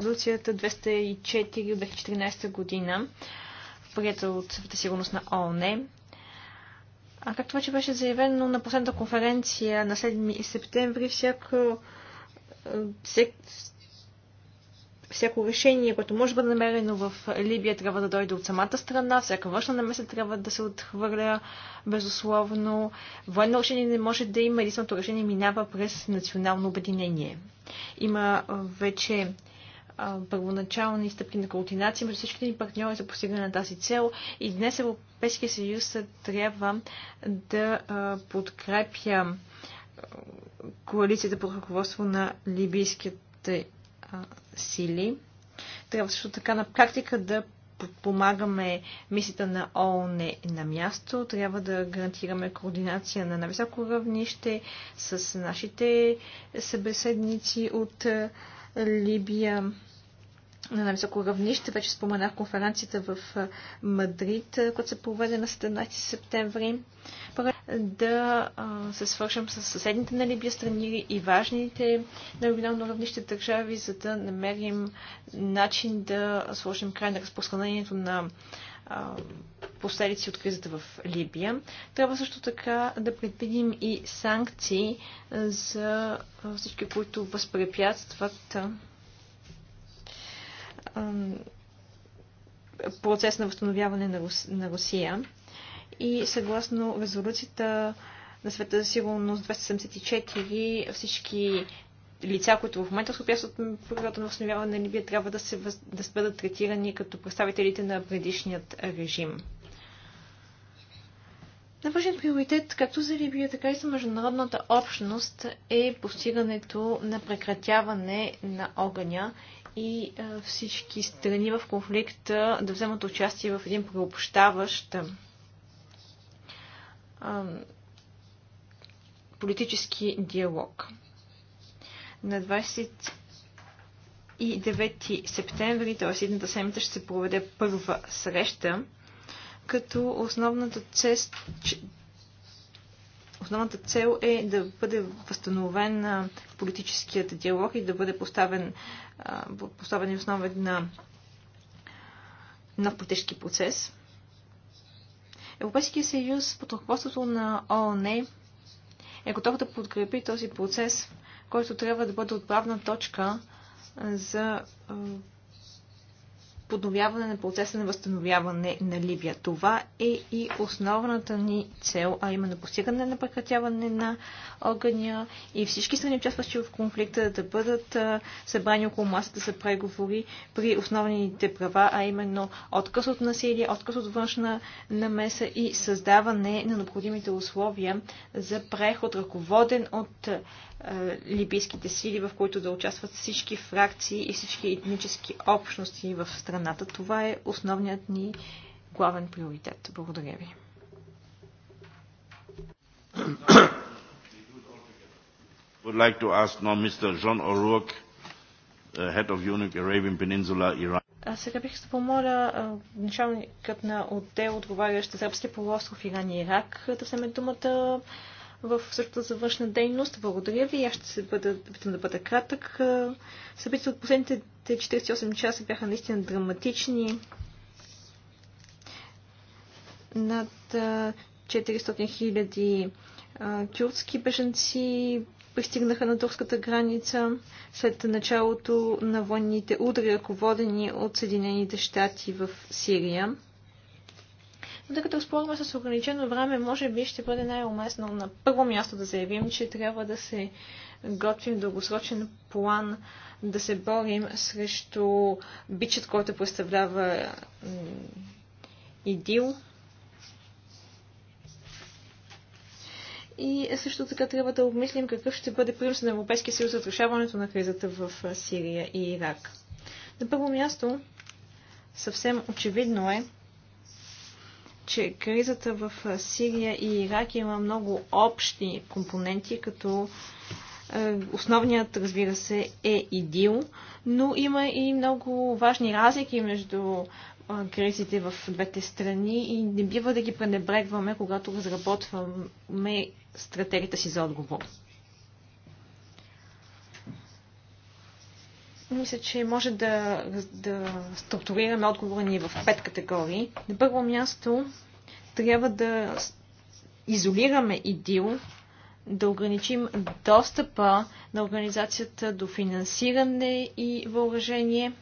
резолюцията 204 от 2014 година, прията от Съвета сигурност на ООН. А както вече беше заявено на последната конференция на 7 септември, всяко, всяко решение, което може да бъде намерено в Либия, трябва да дойде от самата страна, всяка външна намеса трябва да се отхвърля безусловно. Военно решение не може да има, единственото решение минава през национално обединение. Има вече първоначални стъпки на координация между всичките ни партньори за постигане на тази цел. И днес Европейския съюз трябва да подкрепя коалицията под ръководство на либийските сили. Трябва също така на практика да подпомагаме мисията на ООН на място, трябва да гарантираме координация на нависоко равнище с нашите събеседници от Либия на най-високо равнище. Вече споменах конференцията в Мадрид, която се проведе на 17 септември. Да се свършим с съседните на Либия страни и важните на регионално равнище държави, за да намерим начин да сложим край на разпространението на последици от кризата в Либия. Трябва също така да предвидим и санкции за всички, които възпрепятстват процес на възстановяване на, Рус, на Русия. И съгласно резолюцията на света за сигурност 274, всички лица, които в момента се опясват в програмата на възстановяване на Либия, трябва да, се, да бъдат третирани като представителите на предишният режим. Навършен приоритет, както за Либия, така и за международната общност, е постигането на прекратяване на огъня и всички страни в конфликта да вземат участие в един преобщаващ политически диалог. На 29 септември, т.е. едната седмица, ще се проведе първа среща, като основната цел, Основната цел е да бъде възстановен политическият диалог и да бъде поставен, поставен основен на нов политически процес. Европейския съюз под ръководството на ООН е готов да подкрепи този процес, който трябва да бъде отправна точка за подновяване на процеса на възстановяване на Либия. Това е и основната ни цел, а именно постигане на прекратяване на огъня и всички страни, участващи в конфликта, да бъдат събрани около масата за преговори при основните права, а именно отказ от насилие, отказ от външна намеса и създаване на необходимите условия за преход, ръководен от либийските сили, в които да участват всички фракции и всички етнически общности в страната страната. Това е основният ни главен приоритет. Благодаря ви. would like to ask now Mr. John O'Rourke, uh, head of UNIC Arabian Peninsula, Iran. А сега бих се помоля началникът на отдел, отговарящ за Сръбския полуостров Иран и Ирак, да вземе думата в сърта за външна дейност. Благодаря ви. Аз ще се бъда, да бъда кратък. Събитията от последните 48 часа бяха наистина драматични. Над 400 000 тюркски беженци пристигнаха на турската граница след началото на военните удари, ръководени от Съединените щати в Сирия но тъй като разполагаме с ограничено време, може би ще бъде най-уместно на първо място да заявим, че трябва да се готвим дългосрочен план, да се борим срещу бичът, който представлява идил. И също така трябва да обмислим какъв ще бъде принос на Европейския съюз за решаването на кризата в Сирия и Ирак. На първо място, съвсем очевидно е, че кризата в Сирия и Ирак има много общи компоненти, като основният, разбира се, е ИДИЛ, но има и много важни разлики между кризите в двете страни и не бива да ги пренебрегваме, когато разработваме стратегията си за отговор. мисля, че може да, да структурираме отговора ни в пет категории. На първо място трябва да изолираме ИДИЛ, да ограничим достъпа на организацията до финансиране и въоръжение.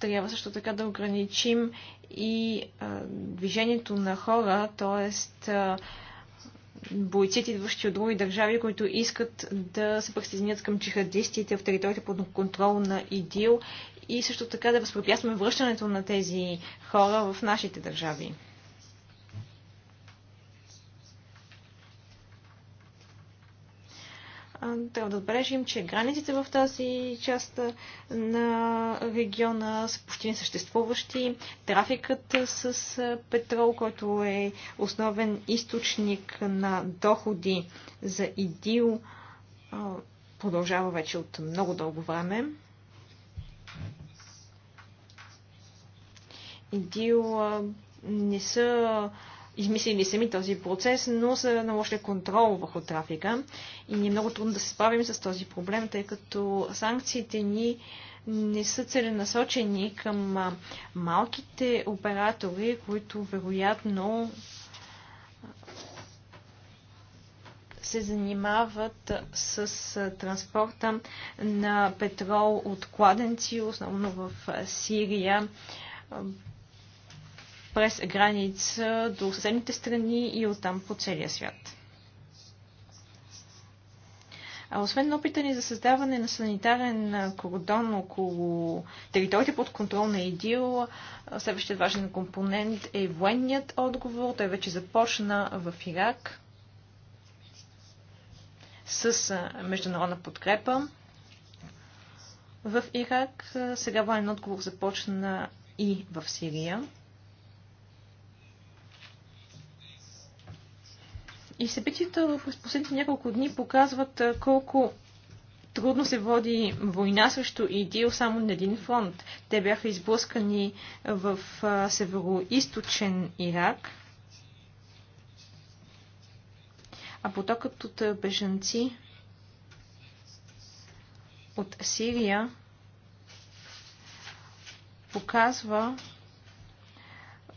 Трябва също така да ограничим и а, движението на хора, т.е бойците, идващи от други държави, които искат да се присъединят към джихадистите в територията под контрол на ИДИЛ и също така да възпрепятстваме връщането на тези хора в нашите държави. трябва да отбележим, че границите в тази част на региона са почти несъществуващи. Трафикът с петрол, който е основен източник на доходи за ИДИЛ, продължава вече от много дълго време. ИДИЛ не са измислили сами този процес, но са наложили контрол върху трафика и ни е много трудно да се справим с този проблем, тъй като санкциите ни не са целенасочени към малките оператори, които вероятно се занимават с транспорта на петрол от кладенци, основно в Сирия, през граница до съседните страни и оттам по целия свят. А освен опита ни за създаване на санитарен кордон около територията под контрол на ИДИЛ, следващият важен компонент е военният отговор. Той вече започна в Ирак с международна подкрепа. В Ирак сега военен отговор започна и в Сирия. И събитията в последните няколко дни показват колко трудно се води война срещу ИДИЛ само на един фронт. Те бяха изблъскани в северо-источен Ирак. А потокът от бежанци от Сирия показва,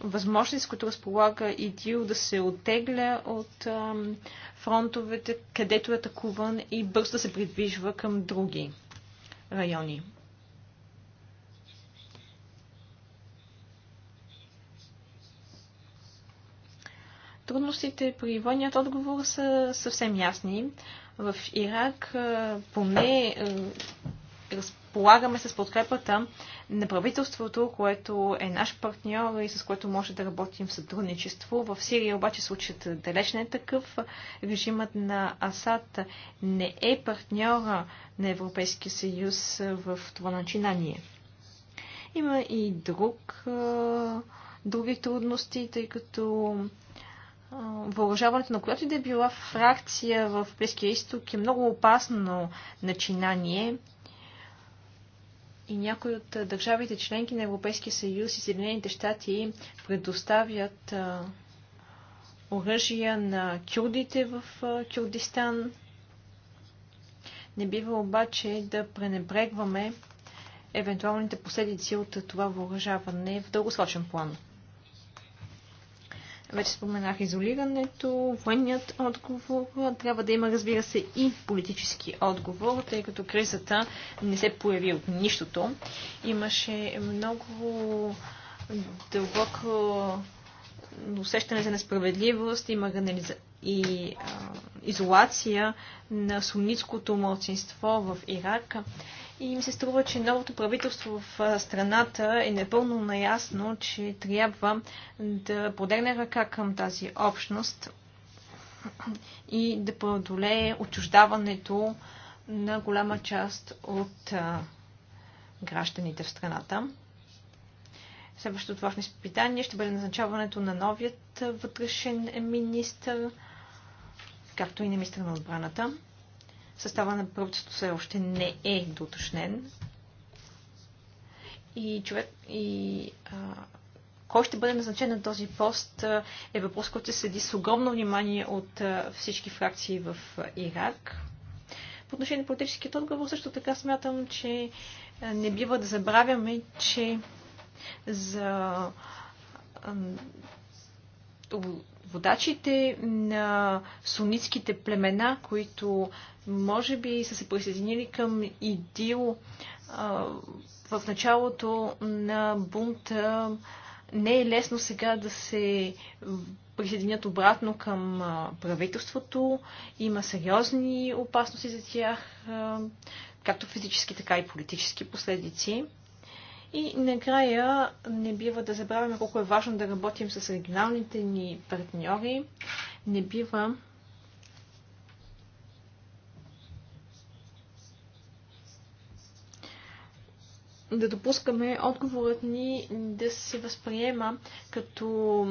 възможност, които разполага ИДИЛ да се оттегля от фронтовете, където е атакуван и бързо да се придвижва към други райони. Трудностите при военният отговор са съвсем ясни. В Ирак поне раз разполагаме с подкрепата на правителството, което е наш партньор и с което може да работим в сътрудничество. В Сирия обаче случаят далеч не е такъв. Режимът на Асад не е партньора на Европейския съюз в това начинание. Има и друг, други трудности, тъй като въоръжаването на която и да е била фракция в Близкия изток е много опасно начинание и някои от държавите членки на Европейския съюз и Съединените щати предоставят оръжия на кюрдите в Кюрдистан. Не бива обаче да пренебрегваме евентуалните последици от това въоръжаване в дългосрочен план. Вече споменах изолирането, военният отговор. Трябва да има, разбира се, и политически отговор, тъй като кризата не се появи от нищото. Имаше много дълбоко усещане за несправедливост и, и а, изолация на сунитското младсинство в Ирак. И ми се струва, че новото правителство в страната е непълно наясно, че трябва да подегне ръка към тази общност и да преодолее отчуждаването на голяма част от гражданите в страната. Следващото това изпитание ще бъде назначаването на новият вътрешен министр, както и на министър на отбраната състава на правителството все още не е доточнен. И, човек, и а, кой ще бъде назначен на този пост е въпрос, който се следи с огромно внимание от всички фракции в Ирак. По отношение на политическият отговор също така смятам, че не бива да забравяме, че за водачите на сунитските племена, които може би са се присъединили към ИДИЛ а, в началото на бунта. Не е лесно сега да се присъединят обратно към правителството. Има сериозни опасности за тях, както физически, така и политически последици. И накрая не бива да забравяме колко е важно да работим с регионалните ни партньори. Не бива да допускаме отговорът ни да се възприема като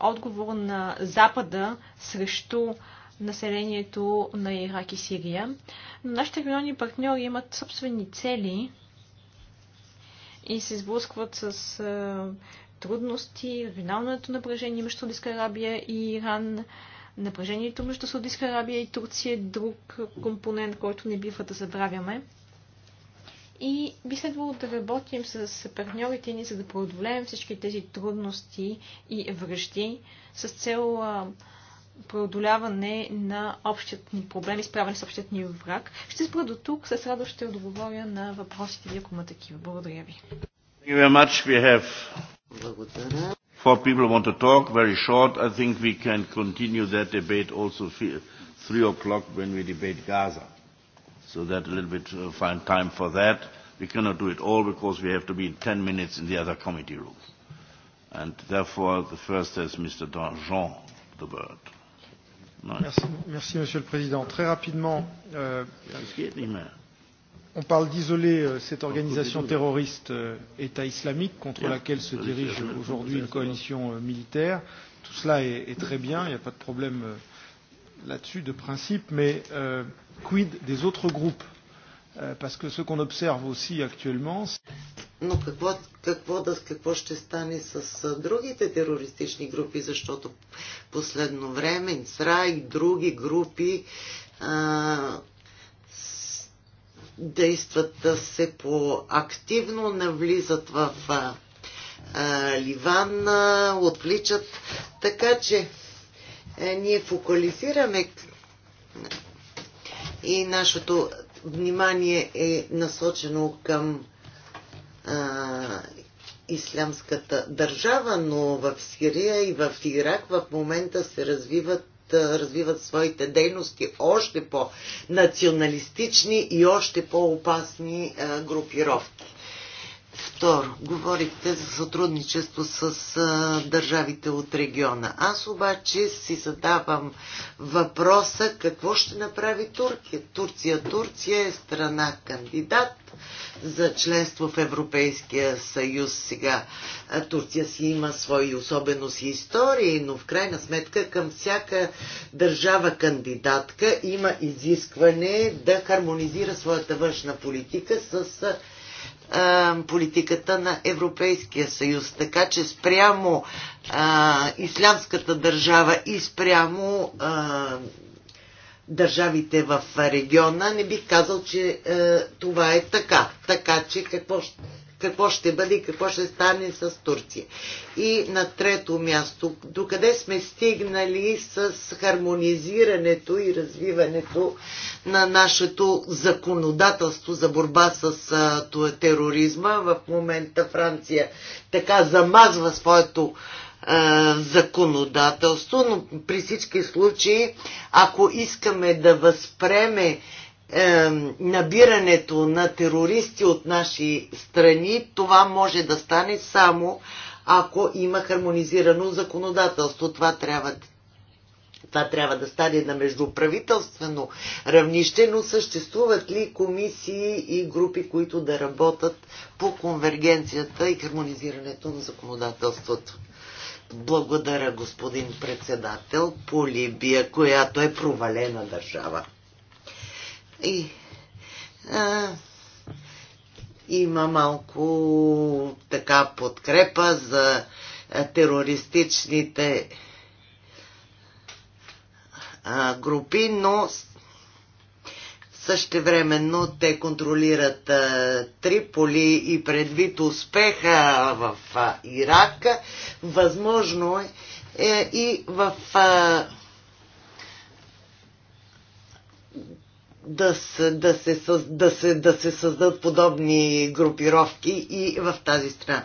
отговор на Запада срещу населението на Ирак и Сирия. Но нашите регионални партньори имат собствени цели, и се сблъскват с а, е, трудности, виналното напрежение между Саудитска Арабия и Иран, напрежението между Саудитска Арабия и Турция е друг компонент, който не бива да забравяме. И би следвало да работим с партньорите ни, за да преодолеем всички тези трудности и връжди с цел а, преодоляване на общият ни проблем и справяне с общият ни враг. Ще спра до тук. С радост ще отговоря на въпросите ви, ако има такива. Благодаря ви. Благодаря. Four people want to talk, very short. I think we can continue that debate also three o'clock when we debate Gaza. So that a little bit uh, find time for that. We cannot do it all because we have to be in 10 minutes in the other committee room. And therefore, the first is Mr. Danjean, the word. Merci, Monsieur le Président. Très rapidement, on parle d'isoler cette organisation terroriste État islamique contre laquelle se dirige aujourd'hui une coalition militaire. Tout cela est, est très bien, il n'y a pas de problème là-dessus de principe, mais euh, quid des autres groupes Parce que ce qu'on observe aussi actuellement, c'est но какво, какво, да, какво ще стане с другите терористични групи, защото последно време ИСРА и други групи а, с, действат се по-активно, навлизат в а, Ливан, а, отвличат. Така че е, ние фокализираме и нашето внимание е насочено към ислямската държава, но в Сирия и в Ирак в момента се развиват развиват своите дейности още по-националистични и още по-опасни групировки. Второ, говорихте за сътрудничество с а, държавите от региона. Аз обаче си задавам въпроса какво ще направи Турция. Турция, Турция е страна кандидат за членство в Европейския съюз сега. Турция си има свои особености и истории, но в крайна сметка към всяка държава кандидатка има изискване да хармонизира своята външна политика с политиката на Европейския съюз. Така че спрямо а, ислямската държава и спрямо а, държавите в региона, не бих казал, че а, това е така. Така че какво, какво ще бъде и какво ще стане с Турция. И на трето място, докъде сме стигнали с хармонизирането и развиването на нашето законодателство за борба с тероризма. В момента Франция така замазва своето законодателство, но при всички случаи, ако искаме да възпреме е, набирането на терористи от наши страни, това може да стане само ако има хармонизирано законодателство. Това трябва това трябва да стане на междуправителствено равнище, но съществуват ли комисии и групи, които да работят по конвергенцията и хармонизирането на законодателството? Благодаря, господин председател, по Либия, която е провалена държава. И а, има малко така подкрепа за терористичните а, групи, но Същевременно те контролират а, Триполи и предвид успеха в а, Ирак, възможно е, е и в а, да, да, се, да, се, да се създадат подобни групировки и в тази страна.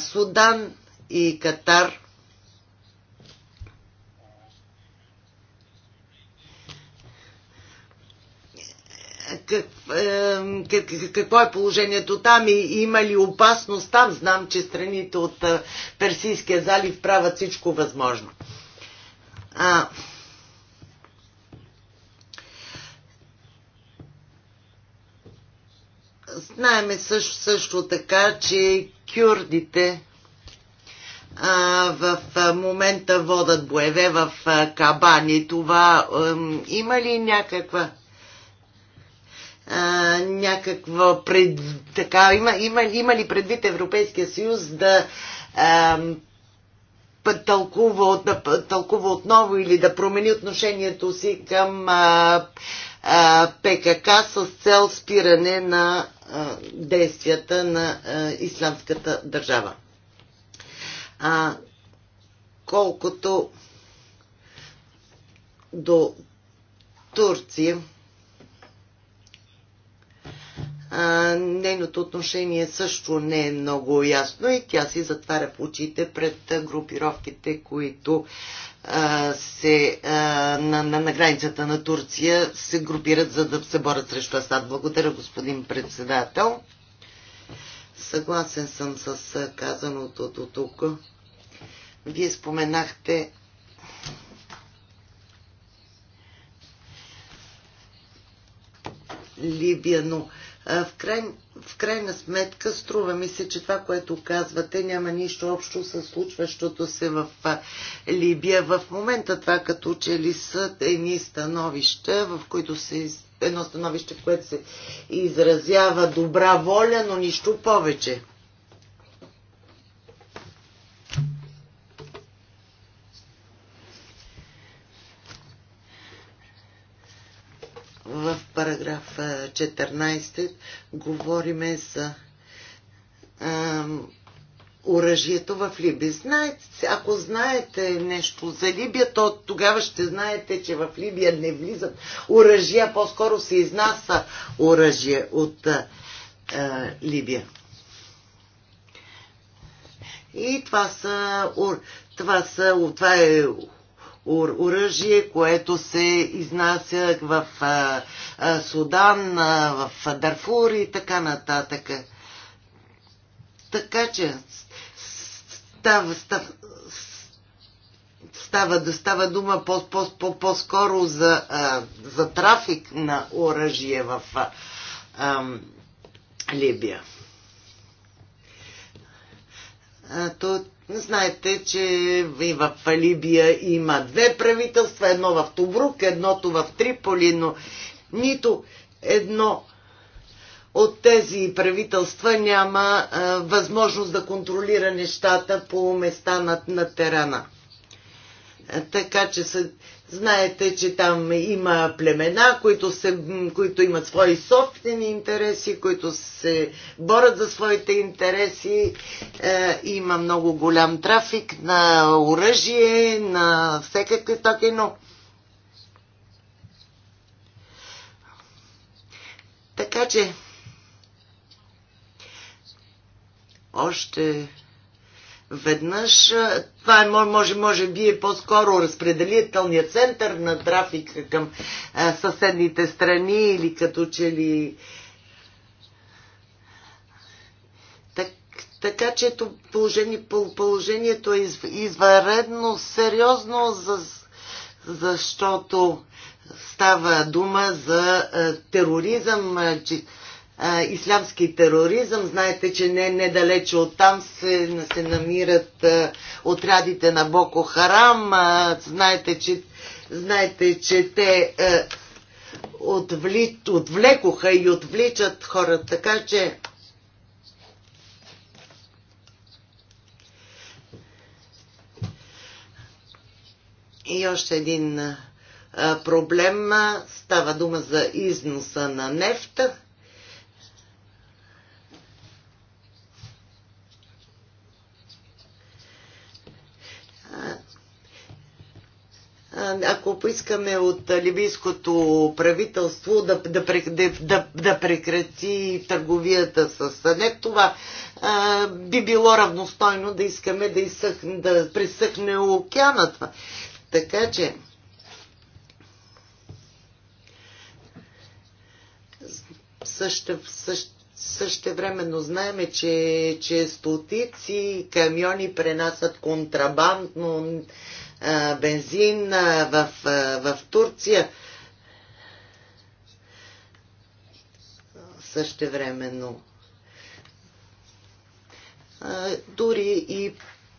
Судан и Катар как, е, какво е положението там и има ли опасност там. Знам, че страните от е, Персийския залив правят всичко възможно. А, Знаеме също, също така, че кюрдите а, в а, момента водат боеве в а, Кабани. Това а, има ли някаква а, някаква пред, така, има, има, има ли предвид Европейския съюз да а, тълкува, да тълкува отново или да промени отношението си към а, ПКК с цел спиране на действията на исламската държава. А, колкото до Турция, а, нейното отношение също не е много ясно и тя си затваря в очите пред групировките, които се, на, на, на границата на Турция се групират, за да се борят срещу Асад. Благодаря, господин председател. Съгласен съм с казаното до тук. Вие споменахте Либия, но в, край, в крайна сметка струва ми се, че това, което казвате, няма нищо общо с случващото се в Либия. В момента това като че ли са едни становища, в които се едно становище, в което се изразява добра воля, но нищо повече. параграф 14 говориме за оръжието в Либия. Знаете, ако знаете нещо за Либия, то тогава ще знаете, че в Либия не влизат оръжия, по-скоро се изнася оръжие от а, а, Либия. И това са, това са, това е оръжие, което се изнася в Судан, в Дарфур и така нататък. Така че става, става, става, става дума по-скоро по, по, по за, за трафик на оръжие в а, а, Либия. А, то, Знаете, че и в Либия има две правителства, едно в Тубрук, едното в Триполи, но нито едно от тези правителства няма а, възможност да контролира нещата по места на, на терана. Така че са, знаете, че там има племена, които, се, които имат свои собствени интереси, които се борят за своите интереси. Е, има много голям трафик на оръжие, на всякакви стоки, но Така че, още веднъж. Това е, може, може би е по-скоро разпределителният център на трафика към а, съседните страни или като че ли... Так, така че положение, положението е извънредно сериозно, за, защото става дума за тероризъм, ислямски тероризъм. Знаете, че не недалече от там се, се намират а, отрядите на Боко Харам. А, знаете, че, знаете, че те а, отвли, отвлекоха и отвличат хората. Така че И още един проблем става дума за износа на нефта. поискаме от либийското правителство да, да, да, да прекрати търговията с нефт. Това а, би било равностойно да искаме да, изсъхне, да пресъхне океанът. Така че. Също, също, времено знаеме, че, че стотици камиони пренасят контрабандно бензин в, в Турция. Същевременно дори и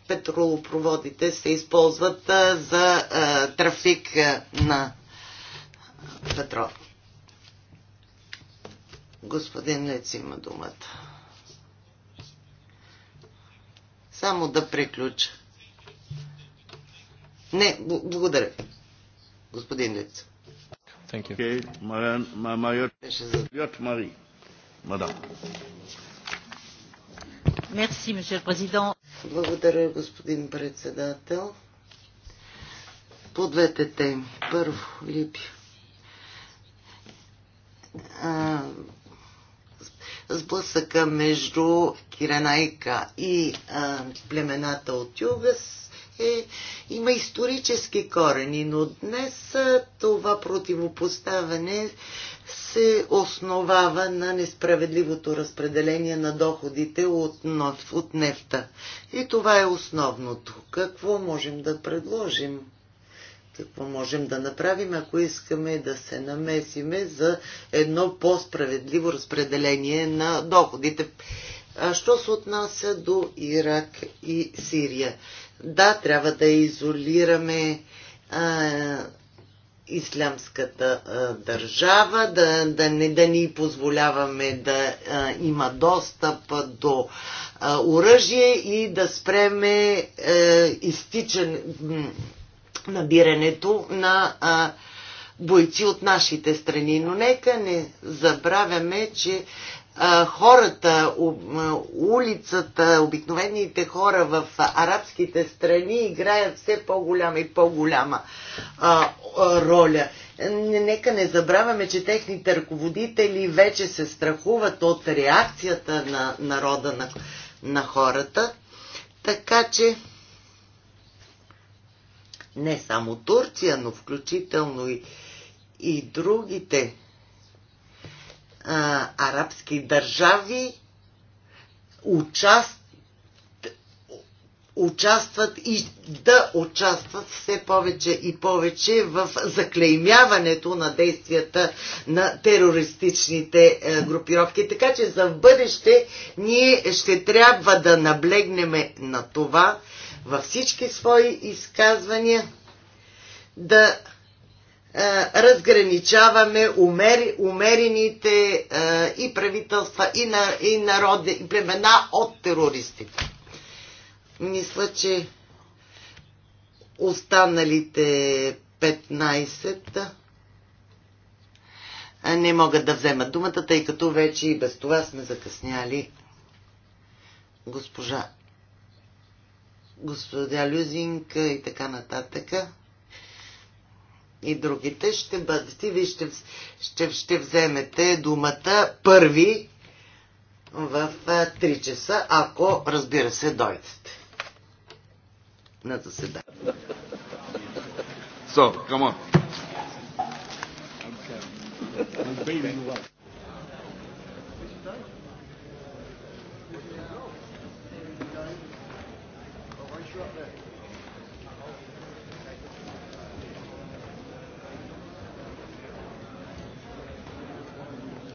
петролопроводите се използват за трафик на петрол. Господин Лец има думата. Само да приключа. Не, благодаря. Господин Лиц. Thank you. Okay, Merci, monsieur le président. Благодаря, господин председател. По двете теми. Първо, Либия. сблъсъка между Киренайка и а, племената от Югас е, има исторически корени, но днес е, това противопоставяне се основава на несправедливото разпределение на доходите от, от нефта. И това е основното. Какво можем да предложим? какво можем да направим, ако искаме да се намесиме за едно по-справедливо разпределение на доходите. Що се отнася до Ирак и Сирия? Да, трябва да изолираме а, ислямската а, държава, да, да, не, да ни позволяваме да а, има достъп до а, оръжие и да спреме а, изтичане, набирането на а, бойци от нашите страни. Но нека не забравяме, че хората, улицата, обикновените хора в арабските страни играят все по-голяма и по-голяма роля. Нека не забравяме, че техните ръководители вече се страхуват от реакцията на народа на, на хората. Така че не само Турция, но включително и, и другите а, арабски държави участ, участват и да участват все повече и повече в заклеймяването на действията на терористичните е, групировки. Така че за в бъдеще ние ще трябва да наблегнеме на това във всички свои изказвания да е, разграничаваме умер, умерените а, е, и правителства, и, на, и народи, и племена от терористите. Мисля, че останалите 15 е, не могат да вземат думата, тъй като вече и без това сме закъсняли. Госпожа, господя Люзинка и така нататък и другите ще бъдете, вие ще, ще, ще вземете думата първи в 3 часа, ако разбира се дойдете на заседание. So, come on. I'm you